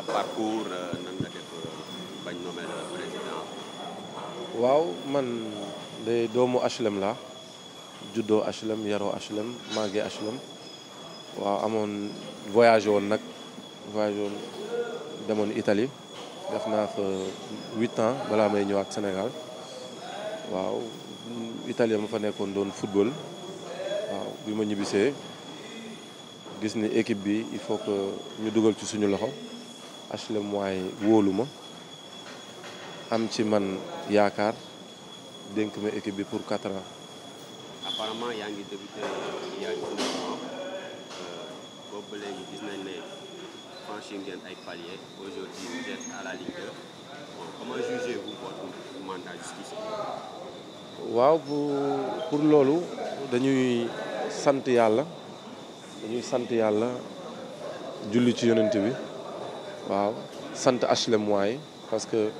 Euh, euh, waaw man de doomu HLM la juddoo HLM yaroo HLM màggee HLM waaw amoon voyagé woon nag voyagé woon demoon Italie def naa fa huit ans balaa may ñëwaat Sénégal waaw Italie ma fa nekkoon doon football waaw bi ma ñibbisee gis ni équipe bi il faut que ñu dugal ci suñu loxo HLM waaye wóolu am ci man yaakaar dénk ma équipe bi pour quatre ans. yaa ngi débuté euh, léegi gis nañ ne waaw pour loolu dañuy sant yàlla dañuy sant yàlla julli ci yonent bi. waaw sant HLM waay parce que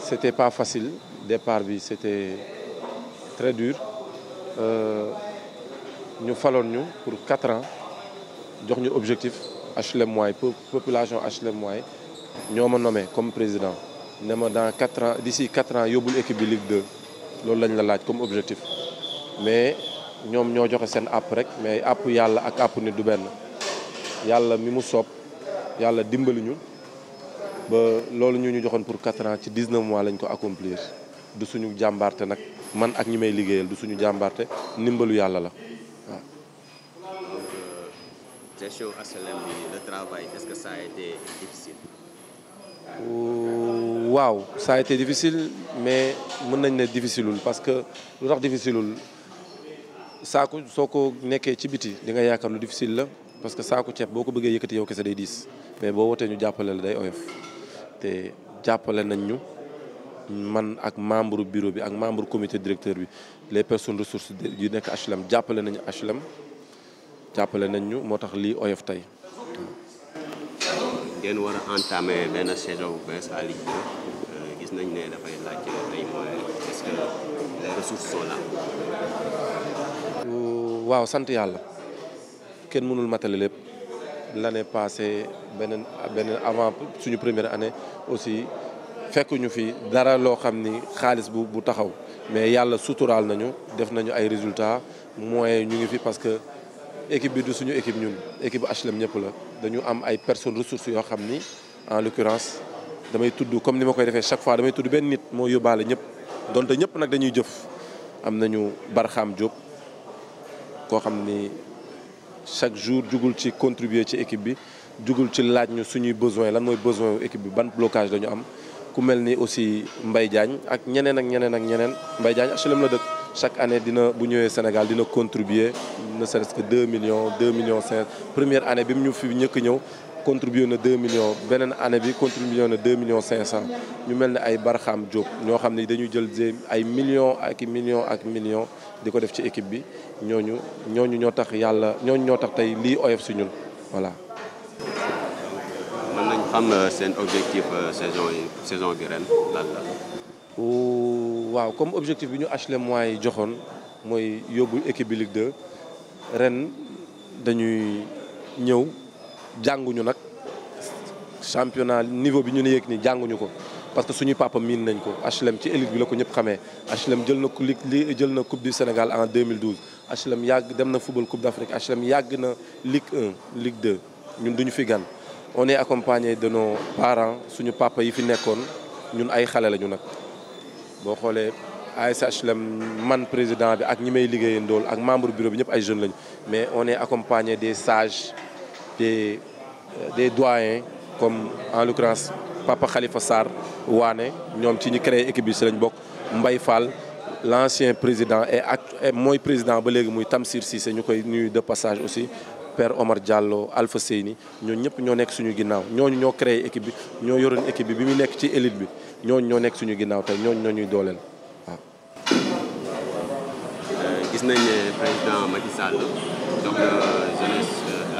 c'était pas facile départ bi c'était très dur euh, ñu faloon ñu pour quatre ans jox ñu objectif HLM waay population HLM waay ñoo ma nommé comme président ne ma dans quatre ans d'ici quatre ans yóbbul équipe bi Ligue 2 loolu lañu la laaj comme objectif mais ñoom ñoo joxe seen app rek mais àpp yàlla ak àpp nit du benn yàlla mi mu soob yàlla dimbali ñu ba loolu ñu ñu joxoon pour quatre ans ci dix-neuf mois lañ ko accomplir du suñu jàmbaarte nag man ak ñi may liggéeyal du suñu jàmbaarte ndimbalu yàlla la waaw. Euh, gestion HLM bi difficile. mais mun nañ ne difficileul parce que lu tax difficileul saako soo ko nekkee ci biti di nga yaakaar lu difficile la parce que saako ceeb boo ko bëggee yëkkati yow kese day diis. mais boo wootee ñu jàppale la day oyof te jàppale nañ ñu man ak membre bureau bi ak membre comité directeur bi les personnes ressources yu nekk HLM jàppale nañu HLM jàppale nañ ñu moo tax lii oyof tey. ngeen war a entamer benn saison bu bees à Ligue gis nañ ne dafay laaj ay moyens est-ce que les ressources sont waaw sant yàlla kenn mënul matale lépp. l'année passée beneen beneen avant suñu première année aussi ñu fi dara loo xam ni xaalis bu bu taxaw mais yàlla suturaal nañu def nañu ay résultats moyens ñu ngi fi parce que équipe bi du suñu équipe ñun équipe HLM ñëpp la dañu am ay personnes ressources yoo xam ni en l'occurrence damay tudd comme ni ma koy defee chaque fois damay tudd benn nit moo yóbbaale ñëpp donte ñëpp nag dañuy jëf am nañu Barxam Diop koo xam ni chaque jour jugul ci contribuer ci équipe bi jugul ci laaj ñu suñuy besoin lan mooy besoin équipe bi ban blocage lañu am ku mel ni aussi Mbaye Diagne ak ñeneen ak ñeneen ak ñeneen Mbaye Diagne HLM la dëkk chaque année dina bu ñëwee Sénégal dina contribuer ne serait-ce que 2 millions 2 millions 5 première année bi mu ñu fi ñëkk ñëw contribué na 2 millions beneen année bi contribué na 2 millions 500 ñu mel ni ay baraxam Diop ñoo xam ni dañuy jël ay millions ak millions ak millions di ko def ci équipe bi ñooñu ñooñu ñoo tax yàlla ñooñu ñoo tax tey lii oyof si ñun voilà. mën nañ xam euh, seen euh, saison yi waaw comme objectif bi ñu HLM mooy joxoon mooy yóbbu équipe bi lig 2 ren dañuy ñëw. jànguñu nag championnat niveau bi ñu ne yéeg nii jànguñu ko parce que suñu papa miin nañ ko HLM ci élite bi ko ñëpp xamee HLM jël na li jël na coupe du Sénégal en 2012 HLM yàgg dem na football coupe d'Afrique HLM yàgg na Ligue 1 Ligue 2 ñun duñu fi gan on est accompagné de no parents suñu papa yi fi nekkoon ñun ay xale lañu nag boo xoolee ASC HLM man président ak ñi may liggéeyandool ak membre bureau ñëpp ay jeunes lañu mais on est des sages des, euh, des doyens comme en l'occurrence Papa Khalifa Sarr waane ñoom ci ñu créé équipe bi si lañ bokk Mbaye Fall l'ancien président et ak mooy président ba léegi muy Tamsir se ñu koy nuyu de passage aussi per Omar Diallo Alpha Seyni ñooñ ñëpp ñoo nekk suñu ginnaaw ñooñu ñoo créé équipe bi ñoo yoroon équipe bi bi mu nekk ci élite bi ñooñu ñoo nekk suñu ginnaaw tey ñooñu ñoo ñuy dooleel euh, gis nañ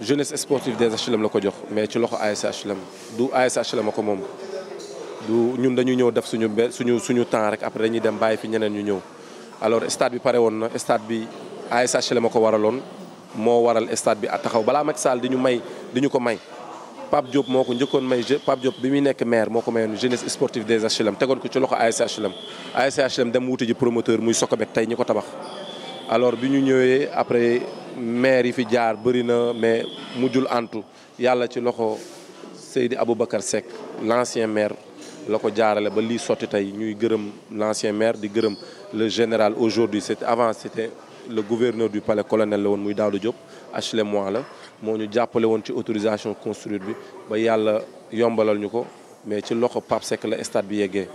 jeunesse sportive des HLM la ko jox mais ci loxo ASC HLM du ASC HLM ko moom du ñun dañu ñëw def suñu be suñu suñu temps rek après dañuy dem bàyyi fi ñeneen ñu ñëw alors stade bi pare woon na stade bi ASC HLM a ko waraloon moo waral stade bi taxaw balaa mag Sall di ñu may di ñu ko may Pape Diop moo ko njëkkoon may Pape Diop bi muy nekk maire moo ko mayoon jeunesse sportive des HLM tegoon ko ci loxo ASC HLM ASC HLM dem wuti ji promoteur muy Sokobet tey ñi ko tabax alors bi ñu ñëwee après maire yi fi jaar bëri na mais mujjul antu yàlla ci loxo Seydi Aboubacar Seck l'ancien maire la ko jaarale ba li sotti tey ñuy gërëm l'ancien maire di gërëm le général aujourd'hui c'était avant c'était le gouverneur du palais colonel la woon muy Daouda Diop HLM moi la moo ñu jàppale woon ci autorisation construire bi ba yàlla yombalal ñu ko mais ci loxo Pape Seck la stade bi yeggee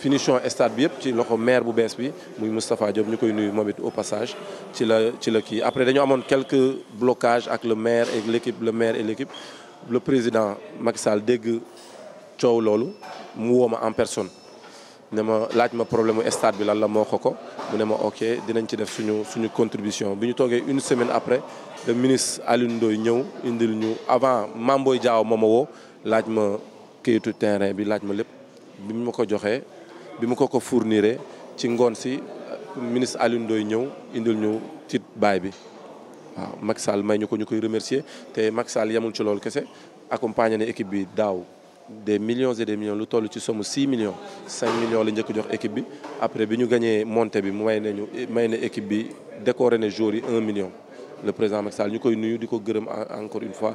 finition stade bi yëpp ci loxo maire bu bees bi muy Moustapha Diop ñu koy nuyu moom it au passage ci la ci la kii après dañu amoon quelques blocages ak le maire et l'équipe le maire et l'équipe le président Macky Sall dégg coow loolu mu woo ma en personne ne ma laaj ma problème mu stade bi lan la moo ko ko mu ne ma ok dinañ ci def suñu suñu contribution bi ñu toogee une semaine après le ministre Alioune Ndoye ñëw indil ñu avant Mamboy Diaw moo ma woo laaj ma kayitu terrain bi laaj ma lépp bi ñu ma ko joxee bi mu ko ko fourniré ci ngoon si euh, ministre Alioune Ndoye ñëw indil ñu ci baay bi waaw Macky Sall may ñu ko ñu koy remercier te Macky Sall yemul ci loolu kese accompagné na équipe bi daaw des millions et des millions lu toll ci somme 6 millions 5 millions la njëkk jox équipe bi après bi ñu gañee montée bi mu may nañu may na équipe bi décoré na jour un 1 million le président Macky ñu koy nuyu di ko gërëm encore une fois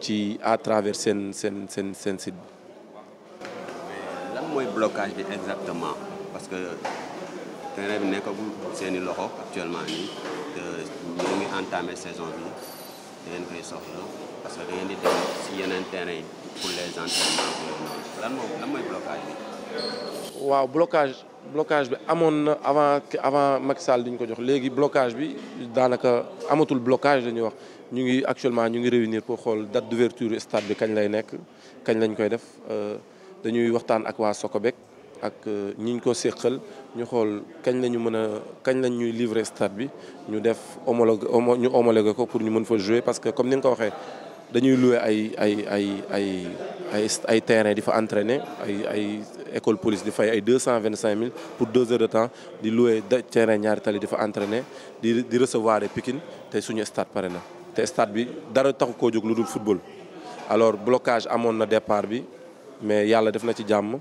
ci à travers seen seen seen seen site mooy blocage bi exactement parce que terrain bi nekkagul seeni loxo actuellement nii ngi entamé saison bi da ngeen koy soxla parce que da di dem si yeneen terrain yi pour les entraînements bi. waaw blocage bi amoon na avant avant Macky Sall ko jox léegi blocage bi daanaka amatul blocage la ñuy wax ñu ngi actuellement ñu ngi réunir pour xool date d'ouverture stade bi kañ lay nekk kañ lañ koy def. Euh, dañuy waxtaan ak waa Socobek ak euh, ñiñ ko séqal ñu xool kañ lañu mën a kañ lañ ñuy livrer stade bi ñu def homologue ñu homologué ko pour ñu mën fa jouer parce que comme ni nga ko waxee dañuy louer ay ay ay ay ay ay terrain di fa entraîner ay ay école police di fay ay deux cent vingt cinq mille pour deux heures de temps di louer da ñaari tali di fa entraîner di di recevoir Pikine te suñu stade pare na te stade bi dara taxu koo jog lu dul football alors blocage amoon na départ bi mais yàlla def na ci jàmm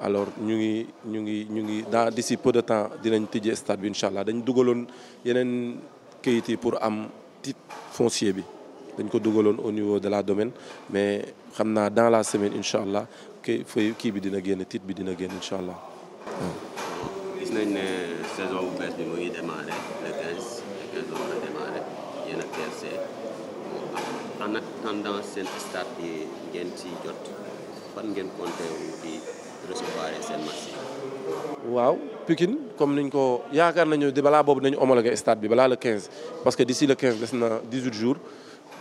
alors ñu ngi ñu ngi ñu ngi dans d'ici peu de temps dinañ tijji stade bi incha allah dañ dugaloon yeneen kayit yi pour am titre foncier bi dañ ko dugaloon au niveau de la domaine mais xam naa dans la semaine incha allah kii bi dina génn titre bi dina génn incha allah gis nañ ne seen stade bi ngeen ci jot. fan ngeen compté wu di recevoir seen match waaw Pikine comme niñ ko yaakaar nañu balaa boobu nañu homologué stade bi balaa le 15 parce que d'ici le 15 des na 18 jours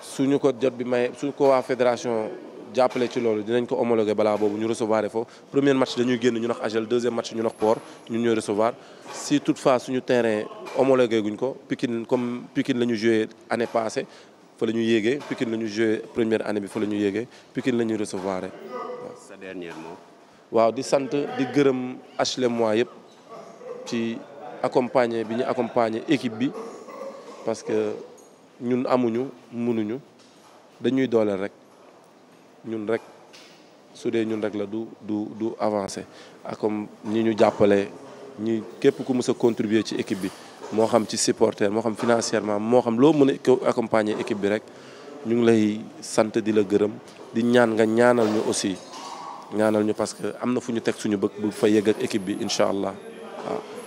suñu ko jot bi may suñu ko waa fédération jàppale ci loolu dinañ ko homologué balaa boobu ñu recevoir foofu premier match dañuy génn ñu nax AJEL deuxième match ñu nax Port ñun ñooy recevoir si toutefois suñu terrain homologué guñ ko Pikine comme Pikine la ñu joué année passée fa la ñu yéegee Pikine la ñu joué première année bi fa la ñu yéegee Pikine la ñuy recevoir sa dernier mot waaw di sant di gërëm HLM yëpp ci accompagner bi ñu accompagner équipe bi parce que ñun amuñu mënuñu dañuy dooleel rek ñun rek su dee ñun rek la du du du avancer ak ah, comme ñi ñu jàppale ñi képp ku mës a contribuer ci équipe bi moo xam ci supporter moo xam financièrement moo xam loo mën a accompagner équipe bi rek ñu ngi lay sant di la gërëm di ñaan nga ñaanal ñu aussi ñaanal parce que am na fu ñu teg suñu bëgg bu fa yegg ak équipe bi incha allah waaw.